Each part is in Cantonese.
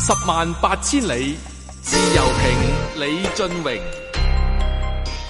十萬八千里，自由評。李峻嶸。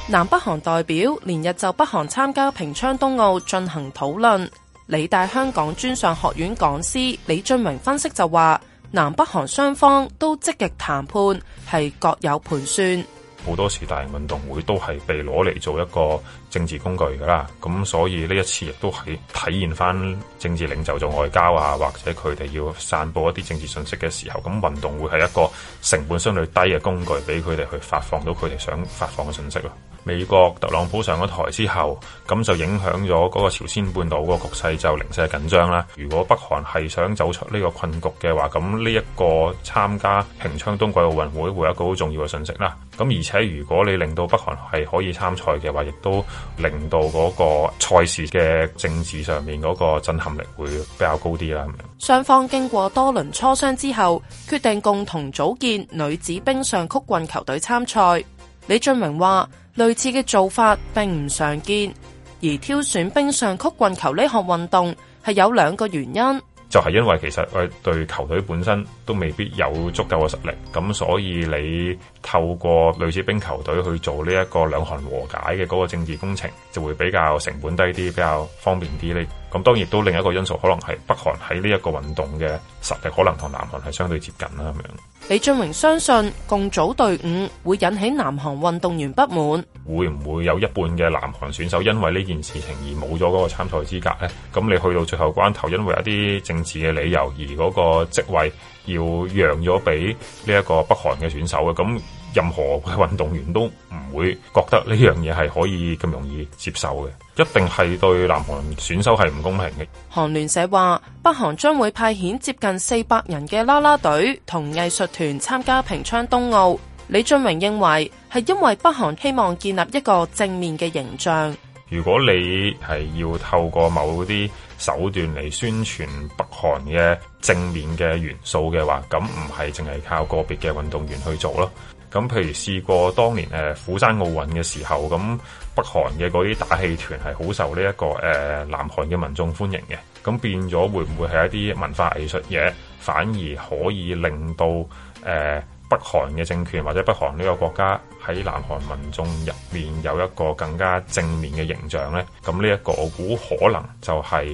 南北韓代表連日就北韓參加平昌冬奧進行討論。理大香港專上學院講師李峻嶸分析就話，南北韓雙方都積極談判，係各有盤算。好多時大型運動會都係被攞嚟做一個政治工具噶啦，咁所以呢一次亦都係體現翻政治領袖做外交啊，或者佢哋要散布一啲政治信息嘅時候，咁運動會係一個成本相對低嘅工具，俾佢哋去發放到佢哋想發放嘅信息咯。美國特朗普上咗台之後，咁就影響咗嗰個朝鮮半島個局勢，就零舍緊張啦。如果北韓係想走出呢個困局嘅話，咁呢一個參加平昌冬季奧運會會一個好重要嘅信息啦。咁而且如果你令到北韓係可以參賽嘅話，亦都令到嗰個賽事嘅政治上面嗰個震撼力會比較高啲啦。雙方經過多輪磋商之後，決定共同組建女子冰上曲棍球隊參賽。李峻嶸話。類似嘅做法並唔常見，而挑選冰上曲棍球呢項運動係有兩個原因，就係、是、因為其實我對球隊本身都未必有足夠嘅實力，咁所以你透過類似冰球隊去做呢一個兩韓和解嘅嗰個政治工程，就會比較成本低啲，比較方便啲咧。咁當然都另一個因素可能係北韓喺呢一個運動嘅實力可能同南韓係相對接近啦咁樣。李峻嶸相信共組隊伍會引起南韓運動員不滿，會唔會有一半嘅南韓選手因為呢件事情而冇咗嗰個參賽資格咧？咁你去到最後關頭，因為一啲政治嘅理由而嗰個職位要讓咗俾呢一個北韓嘅選手嘅咁。任何嘅運動員都唔會覺得呢樣嘢係可以咁容易接受嘅，一定係對南韓選手係唔公平嘅。韓聯社話北韓將會派遣接近四百人嘅啦啦隊同藝術團參加平昌冬奧，李峻嶸認為，係因為北韓希望建立一個正面嘅形象。如果你係要透過某啲手段嚟宣傳北韓嘅正面嘅元素嘅話，咁唔係淨係靠個別嘅運動員去做咯。咁譬如試過當年誒釜山奧運嘅時候，咁北韓嘅嗰啲打氣團係好受呢一個、呃、南韓嘅民眾歡迎嘅。咁變咗會唔會係一啲文化藝術嘢，反而可以令到誒、呃、北韓嘅政權或者北韓呢個國家喺南韓民眾入面有一個更加正面嘅形象呢？咁呢一個我估可能就係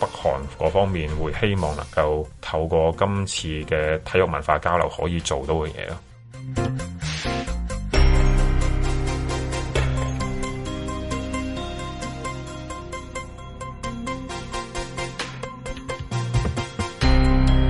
北韓嗰方面會希望能夠透過今次嘅體育文化交流可以做到嘅嘢咯。